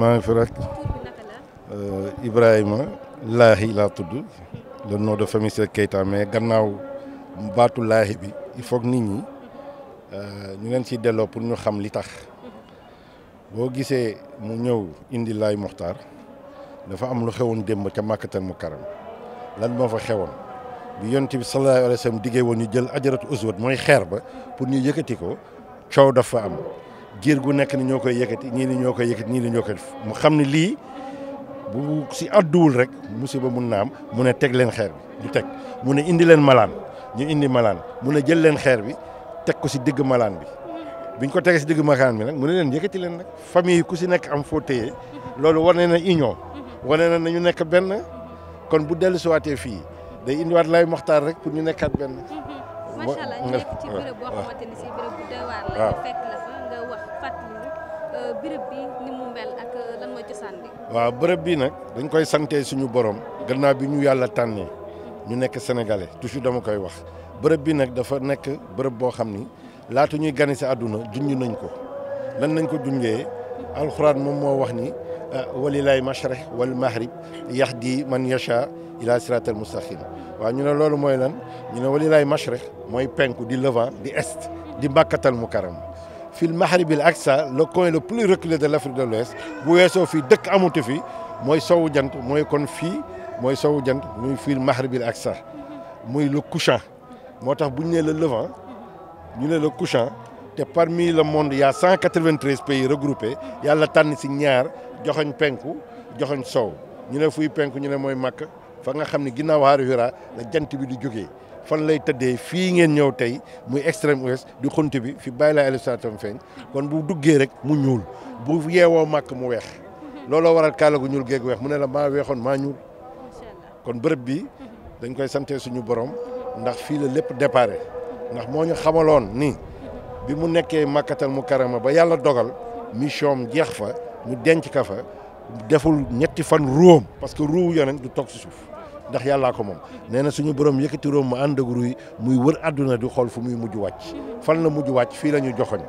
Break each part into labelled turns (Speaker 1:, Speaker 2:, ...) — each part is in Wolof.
Speaker 1: maa ngi fi rek euh, Ibrahima Laahi laa tudd le nom de famille c'est Keita mais gannaaw baatu Laahi bi il faut que nit ñi euh, ñu leen ciy delloo pour ñu xam li tax boo gisee mu ñëw indi Laay Moxtaar dafa am lu xewoon démb ca Màkkatal mu karam lan moo fa xewoon bi yonent bi sallallahu alayhi wa sallam diggee woon ñu jël ajaratu uswat mooy xeer ba pour ñu yëkkati ko coow dafa am giir gu nekk ni ñoo koy yëkkati ñii ni ñoo koy yëkkati ñii ni ñoo koy def mu xam ne lii bu si àdduwul rek musiba mun na am mu ne teg leen xeer bi ñu teg mu ne indi leen malaan indi malaan mu ne jël leen xeer bi teg ko si digg malaan bi biñ ko tegee si digg malaan bi nag mu ne leen yëkkati leen nag famille ku si nekk am foo téye loolu wane na union wane na ñu nekk benn kon bu dellu siwaatee fii day indiwaat lay moxtaar rek pour ñu nekkaat benn. nekk ci béréb boo bërëb euh, bi waaw bërëb bi nag dañ koy sante suñu borom gannaaw bi ñu yàlla tànnee ñu nekk sénégalais toujours dama koy wax bërëb bi nag dafa nekk bërëb boo xam ni laata ñuy gane si àdduna junj nañ ko lan nañ ko junjee alxuraan moom moo wax ni walilaay mashrih wal mahrib yahdi man yasha ila siratal mustaqim waa ñu ne loolu mooy lan ñu ne walilaay mashrih mooy penku di levant di est di mbàkkatal mu karam fil Mahrib al la le coin le plus reculé de l' Afrique de l'Ouest bu weesoo fii dëkk amatu fi mooy sowu jant mooy kon fii mooy sowu jant muy fii Mahrib al Aqsa muy le couchant moo tax bu ñu nee le levant ñu ne le couchant te parmi le monde y' a 193 pays regroupés yàlla tànn si ñaar joxoñ penku joxoñ sow ñu ne fuy penku ñu ne mooy makk fa nga xam ne ginnaaw Hira la jant bi di jógee. fan lay tëddee fii ngeen ñëw tey muy extrême ouest di xunt bi fi bàyyi laa alistatam feeñ kon bu duggee rek mu ñuul bu yeewoo màkk mu weex looloo waral kaala gu ñuul géeg weex mu ne la maa weexoon maa ñuul kon bërëb bi dañ koy sante suñu borom ndax fii la lépp déparé ndax moo ñu xamaloon ni bi mu nekkee màkkatal mu karama ba yàlla dogal mission jeex fa mu denc ka fa deful ñetti fan ruum parce que ruu yonent du toog si suuf ndax yàllaa ko moom nee na suñu borom yëkkati room mu ànd ak ruy muy wër àdduna di xool fu muy mujj wàcc fan la mujj wàcc fii la joxoñ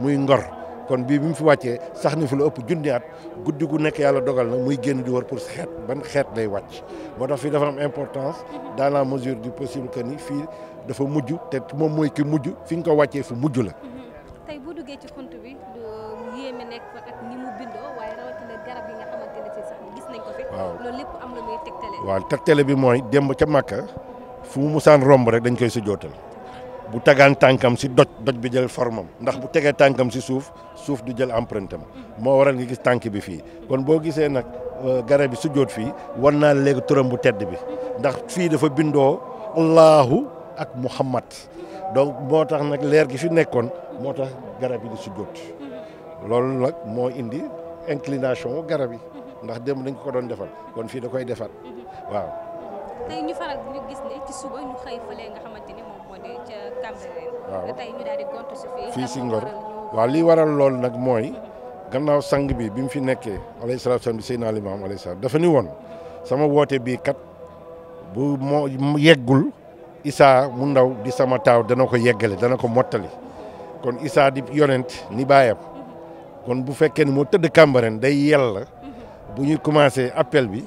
Speaker 1: muy ngor kon bii bi mu fi wàccee sax ni fi la ëpp junni at guddi gu nekk yàlla dogal na muy génn di wër pour xeet ban xeet lay wàcc moo tax fii dafa am importance dans la mesure di possible que ni fii dafa mujj te moom mooy ki mujj fi nga ko wàccee fu mujj la. waaw loolu lépp waaw tegtale bi mooy démb ca Màkka fu mu musaan romb rek dañ koy sujjootal bu tagaan tànkam si doj doj bi jël formam ndax bu tegee tànkam si suuf suuf di jël empreinte moo waral nga gis tànk bi fii kon boo gisee nag euh, garab bi sujjoot fii wan naa léegi turam bu tedd bi ndax fii dafa bindoo allahu ak muhammad donc moo tax nag leer gi fi nekkoon moo tax garab yi di sujjoot loolu nag moo indi inclination garab yi ndax démb dañ ko doon defal kon fii da koy defaat mhm. waaw. si fii. si Ngor waa li waral loolu nag mooy mhm. gannaaw sang bi bi mu fi nekkee alayhi salaatu salaam bi Seydina Limaam alayhi salaam dafa ni woon sama woote bii kat bu moo yeggul issa mu ndaw di sama taaw dana ko yeggale dana ko mottali kon Isaa di yonent ni baayam mhm. kon bu fekkee ni moo tëdd Cambérène day yell bu ñuy commencé appel bi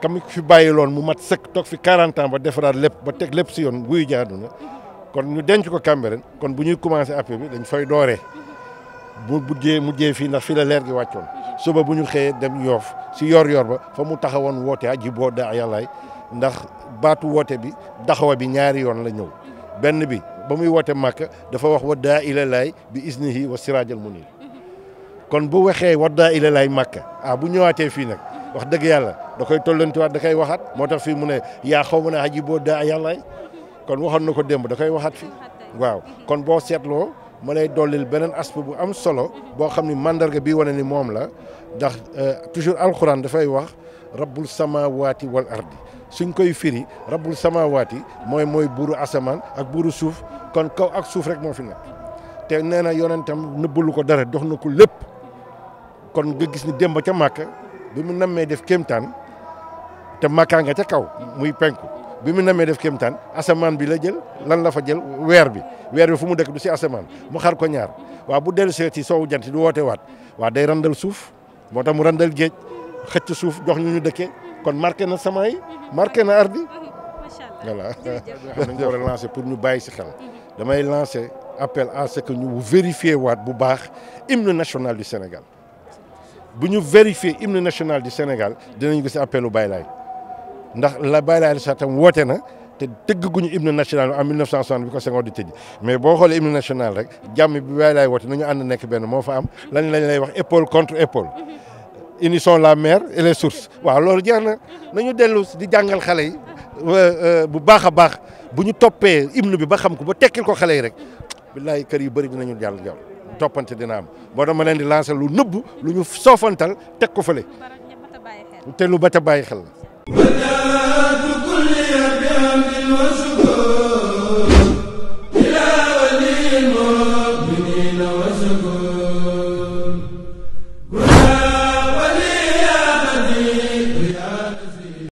Speaker 1: kam fi bàyyiloon mu mat sëkk toog fi 40 ans ba defaraat lépp ba teg lépp si yoon guy jaadu na kon ñu denc ko rek kon bu ñuy commencé appel bi dañ fay dooree bu mujjee mujjee fii ndax fi la leer gi wàccoon suba bu ñu xëyee dem yoof si yor-yor ba fa mu taxawoon woote aji boo daa yàllaay ndax baatu woote bi daxawa bi ñaari yoon la ñëw benn bi ba muy woote màkk dafa wax wa daa ila bi isni isnihi wa siraajal munir kon bu waxee waddaa ila lay màkk ah bu ñëwaatee fii nag wax dëgg yàlla da koy tollantiwaat da koy waxaat moo tax fii mu ne yaa xaw ma ne aji boo daa yàllaay kon waxoon na ko démb da koy waxaat fii waaw kon boo seetloo ma lay dollil beneen aspect bu am solo boo xam ni màndarga bi wane ni moom la ndax euh, toujours alxuraan dafay wax rabbul samawaati wal ardi suñ koy firi rabbul samawaati mooy mooy buuru asamaan ak buuru suuf kon kaw ak suuf rek moo fi nekk te nee na yonentam nëbbalu ko dara dox na ko lépp kon nga gis ni démb ca màkk bi mu nammee def kéemtaan te màkkaa nga ca kaw muy penku bi mu nammee def kéemtaan asamaan bi la jël lan la fa jël weer bi weer bi fu mu dëkk du si asamaan mu xar ko ñaar waaw bu dellusee see ci soowu jant du woote waat waa day randal suuf moo tax mu randal géej xëcc suuf jox ñu ñu dëkkee kon marqué na sama yi marqué na ardi voilà dañ ko war a lancer pour ñu bàyyi si xel damay lancer appel à ce que ñu vérifier waat bu baax hymne national du Sénégal bu ñu vérifier hymne national du Sénégal dinañ gis appelu Baye Laye ndax la Baye Laye sax tam woote na te tëgguñu hymne national en 1960 bi ko Senghor di tëj mais boo xoolee hymne national rek jàmm bi Baye Laye woote nañu ànd nekk benn moo fa am lan lañ lay wax épaule contre épaule. unissons la maire et les sources waaw loolu jeex na na ñu dellu di jàngal xale yi euh, bu baax a baax bu ñu toppee hymne bi ba xam ko ba tekkil ko xale yi rek billaay kër yi yu bëri ñu jàll jàll. toppante dina am boo dama leen di lancer lu nëbb lu ñu soofantal teg ko fële te lu bata bàyyi xel